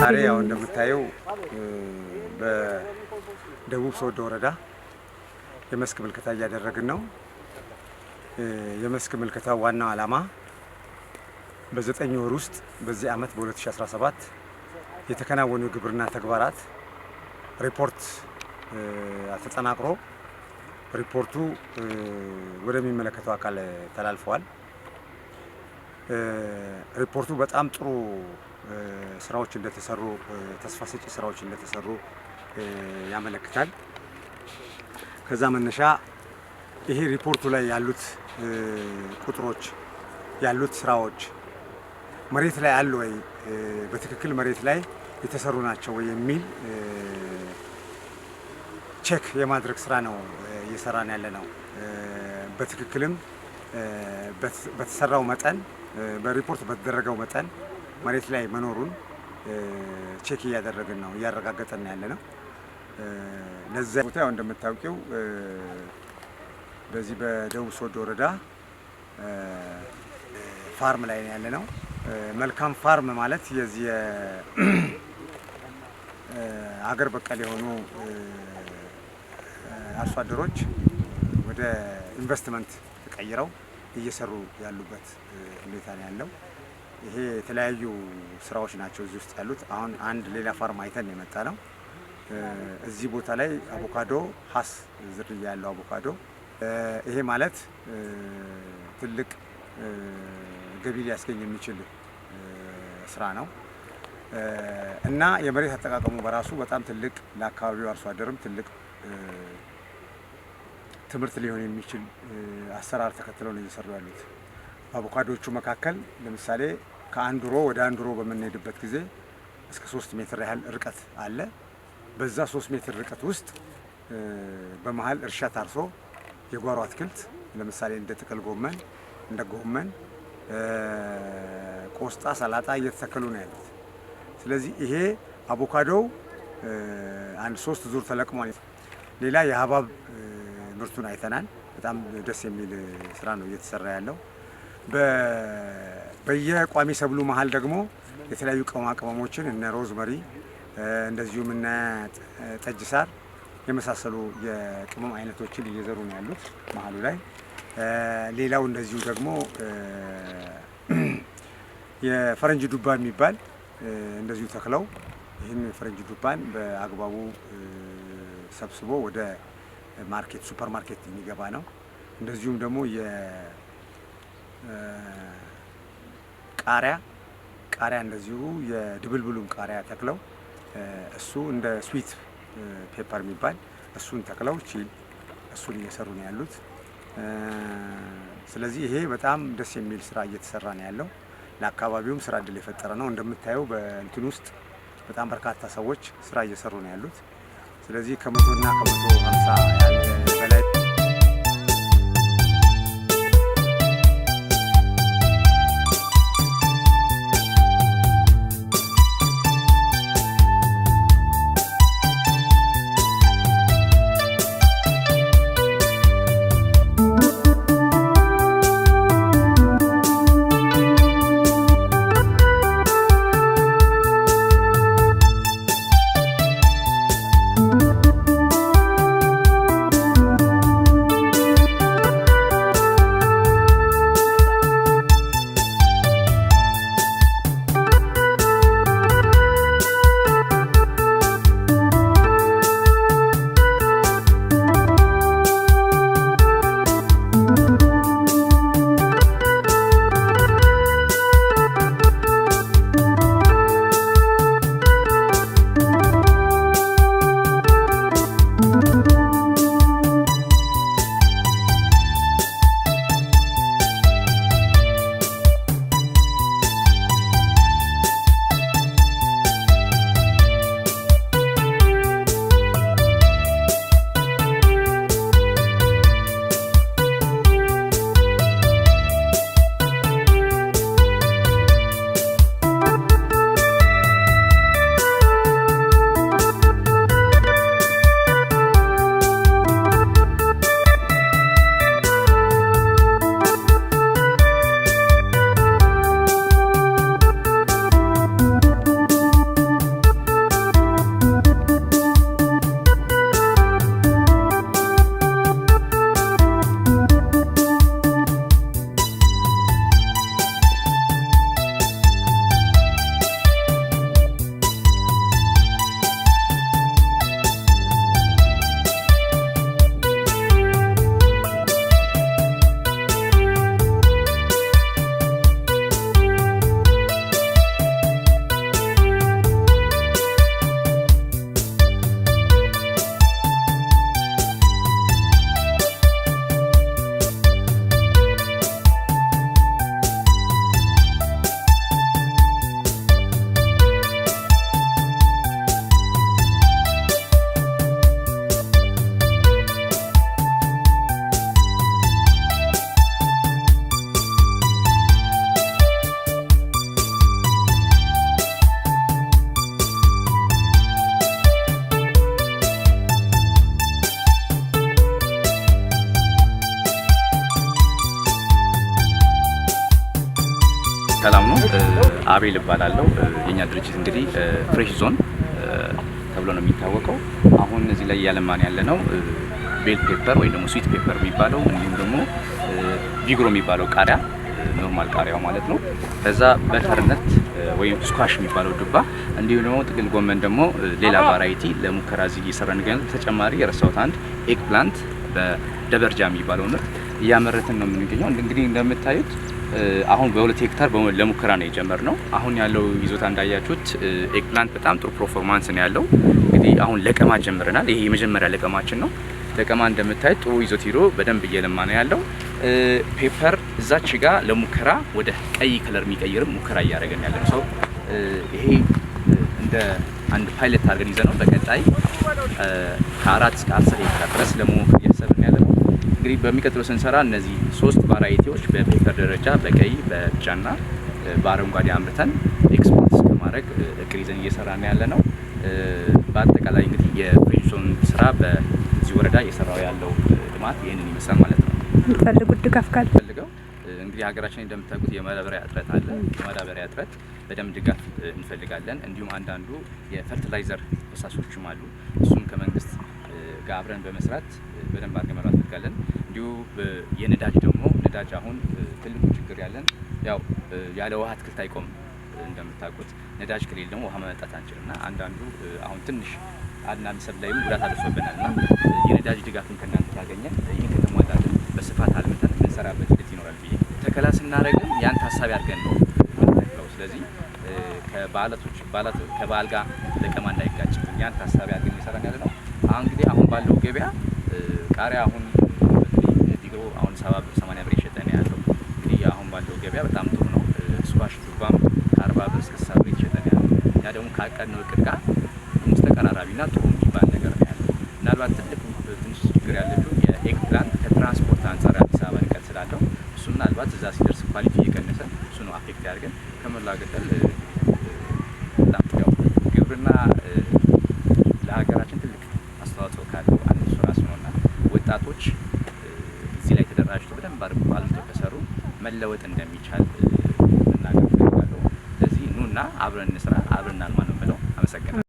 ዛሬ ያው እንደምታየው በደቡብ ሶዶ ወረዳ የመስክ ምልከታ እያደረግን ነው። የመስክ ምልከታ ዋናው ዓላማ በዘጠኝ ወር ውስጥ በዚህ ዓመት በ2017 የተከናወኑ የግብርና ተግባራት ሪፖርት ተጠናቅሮ ሪፖርቱ ወደሚመለከተው አካል ተላልፈዋል። ሪፖርቱ በጣም ጥሩ ስራዎች እንደተሰሩ ተስፋ ሰጪ ስራዎች እንደተሰሩ ያመለክታል። ከዛ መነሻ ይሄ ሪፖርቱ ላይ ያሉት ቁጥሮች ያሉት ስራዎች መሬት ላይ አሉ ወይ፣ በትክክል መሬት ላይ የተሰሩ ናቸው ወይ የሚል ቼክ የማድረግ ስራ ነው እየሰራን ያለ ነው። በትክክልም በተሰራው መጠን በሪፖርት በተደረገው መጠን መሬት ላይ መኖሩን ቼክ እያደረግን ነው እያረጋገጠን ያለ ነው። ለዛ ቦታ ያው እንደምታውቂው በዚህ በደቡብ ሶዶ ወረዳ ፋርም ላይ ያለ ነው። መልካም ፋርም ማለት የዚህ አገር በቀል የሆኑ አርሶ አደሮች ወደ ኢንቨስትመንት ተቀይረው እየሰሩ ያሉበት ሁኔታ ነው ያለው። ይሄ የተለያዩ ስራዎች ናቸው እዚህ ውስጥ ያሉት። አሁን አንድ ሌላ ፋርም አይተን የመጣ ነው። እዚህ ቦታ ላይ አቮካዶ ሀስ ዝርያ ያለው አቮካዶ ይሄ ማለት ትልቅ ገቢ ሊያስገኝ የሚችል ስራ ነው እና የመሬት አጠቃቀሙ በራሱ በጣም ትልቅ ለአካባቢው አርሶ አደርም ትልቅ ትምህርት ሊሆን የሚችል አሰራር ተከትለው ነው እየሰሩ ያሉት። በአቮካዶቹ መካከል ለምሳሌ ከአንድ ሮ ወደ አንድ ሮ በምንሄድበት ጊዜ እስከ ሶስት ሜትር ያህል ርቀት አለ። በዛ ሶስት ሜትር ርቀት ውስጥ በመሀል እርሻ ታርሶ የጓሮ አትክልት ለምሳሌ እንደ ጥቅል ጎመን፣ እንደ ጎመን፣ ቆስጣ፣ ሰላጣ እየተተከሉ ነው ያሉት። ስለዚህ ይሄ አቮካዶው አንድ ሶስት ዙር ተለቅሟል። ሌላ የሀባብ ምርቱን አይተናል። በጣም ደስ የሚል ስራ ነው እየተሰራ ያለው። በየቋሚ ሰብሉ መሀል ደግሞ የተለያዩ ቅመማ ቅመሞችን እነ ሮዝመሪ እንደዚሁም እነ ጠጅ ሳር የመሳሰሉ የቅመም አይነቶችን እየዘሩ ነው ያሉት መሀሉ ላይ። ሌላው እንደዚሁ ደግሞ የፈረንጅ ዱባ የሚባል እንደዚሁ ተክለው ይህን የፈረንጅ ዱባን በአግባቡ ሰብስቦ ወደ ማርኬት ሱፐር ማርኬት የሚገባ ነው። እንደዚሁም ደግሞ ቃሪያ ቃሪያ እንደዚሁ የድብልብሉን ቃሪያ ተክለው እሱ እንደ ስዊት ፔፐር የሚባል እሱን ተክለው ቺ እሱን እየሰሩ ነው ያሉት። ስለዚህ ይሄ በጣም ደስ የሚል ስራ እየተሰራ ነው ያለው። ለአካባቢውም ስራ እድል የፈጠረ ነው። እንደምታየው በእንትን ውስጥ በጣም በርካታ ሰዎች ስራ እየሰሩ ነው ያሉት። ስለዚህ ከመቶና ከመቶ ሀምሳ በላይ ሰላም ነው። አቤል እባላለሁ። የኛ ድርጅት እንግዲህ ፍሬሽ ዞን ተብሎ ነው የሚታወቀው። አሁን እዚህ ላይ እያለማን ያለ ነው ቤል ፔፐር ወይም ደግሞ ስዊት ፔፐር የሚባለው እንዲሁም ደግሞ ቪግሮ የሚባለው ቃሪያ ኖርማል ቃሪያው ማለት ነው። ከዛ በተርነት ወይም ስኳሽ የሚባለው ዱባ፣ እንዲሁም ደግሞ ጥቅል ጎመን ደግሞ ሌላ ቫራይቲ ለሙከራ እዚህ እየሰራ እንገኛለን። ተጨማሪ የረሳሁት አንድ ኤግ ፕላንት በደበርጃ የሚባለው ምርት እያመረትን ነው የምንገኘው። እንግዲህ እንደምታዩት አሁን በሁለት ሄክታር ለሙከራ ነው የጀመርነው። አሁን ያለው ይዞታ እንዳያችሁት ኤግፕላንት በጣም ጥሩ ፐርፎርማንስ ነው ያለው። እንግዲህ አሁን ለቀማ ጀምረናል። ይሄ የመጀመሪያ ለቀማችን ነው። ለቀማ እንደምታይ ጥሩ ይዞት ሂዶ በደንብ እየለማ ነው ያለው። ፔፐር እዛች ጋ ለሙከራ ወደ ቀይ ከለር የሚቀይርም ሙከራ እያደረገን ያለ ነው ሰው ይሄ እንደ አንድ ፓይለት አድርገን ይዘ ነው በቀጣይ ከአራት እስከ አስር ሄክታር ድረስ ለመሞከር እያሰብን ያለ ነው። እንግዲህ በሚቀጥለው ስንሰራ እነዚህ ሶስት ቫራይቲዎች በፔፐር ደረጃ በቀይ በቢጫና በአረንጓዴ አምርተን ኤክስፖርት እስከማድረግ እቅድ ይዘን ነው ያለ ነው። በአጠቃላይ እንግዲህ የፍሬሽ ስራ በዚህ ወረዳ እየሰራው ያለው ልማት ይህንን ይመስላል ማለት ነው። የሚፈልጉት ድጋፍ ካለ ፈልገው እንግዲህ ሀገራችን እንደምታውቁት የማዳበሪያ እጥረት አለ። የማዳበሪያ እጥረት በደንብ ድጋፍ እንፈልጋለን። እንዲሁም አንዳንዱ የፈርትላይዘር ፈሳሾችም አሉ። እሱም ከመንግስት ጋር አብረን በመስራት በደንብ አድርገን መራት እንፈልጋለን። እንዲሁ የነዳጅ ደግሞ ነዳጅ አሁን ትልቁ ችግር ያለን ያው ያለ ውሃ አትክልት አይቆም እንደምታውቁት ነዳጅ ከሌለ ደግሞ ውሃ ማመጣት አንችልም እና አንዳንዱ አሁን ትንሽ አድና ሚሰብ ላይም ጉዳት አደርሶብናል እና የነዳጅ ድጋፍን ከእናንተ ካገኘን ይህን ከተሟላልን በስፋት አልምተን የምንሰራበት ሂደት ይኖራል ብዬ ተከላ ስናደርግም ያን ታሳቢ አድርገን ነው የምንተክለው። ስለዚህ ከበዓላቶች ከበዓል ጋር ለቀማ እንዳይጋጭ ያን ታሳቢ አድርገን እየሰራን ያለ ነው። አሁን እንግዲህ አሁን ባለው ገበያ ቃሪያ አሁን ሰባ ብር 80 ብር እየሸጠ ነው ያለው። እንግዲህ አሁን ባለው ገበያ በጣም ጥሩ ነው። ስኳሽ ዱባም 40 ብር እስከ ስልሳ ብር እየሸጠ ነው ያለው። ያ ደግሞ ነው እቅድ ጋር ተቀራራቢና ጥሩ የሚባል ነገር ነው ያለው። ምናልባት ትልቅ ትንሽ ችግር ያለችው የኤግፕላንት ከትራንስፖርት አንጻር አዲስ አበባ ርቀት ስላለው እሱ ምናልባት እዛ ሲደርስ ኳሊቲ እየቀነሰ እሱ ነው አፌክት ያደርገን ከመላ ገጠል ግብርና ለሀገራችን ትልቅ አስተዋጽኦ ካለው አንድ ራሱ ነውና ወጣቶች መለወጥ እንደሚቻል መናገር ፈልጋለሁ። ለዚህ ኑና አብረን እንስራ፣ አብረን እናልማ ነው የምለው። አመሰግናለሁ።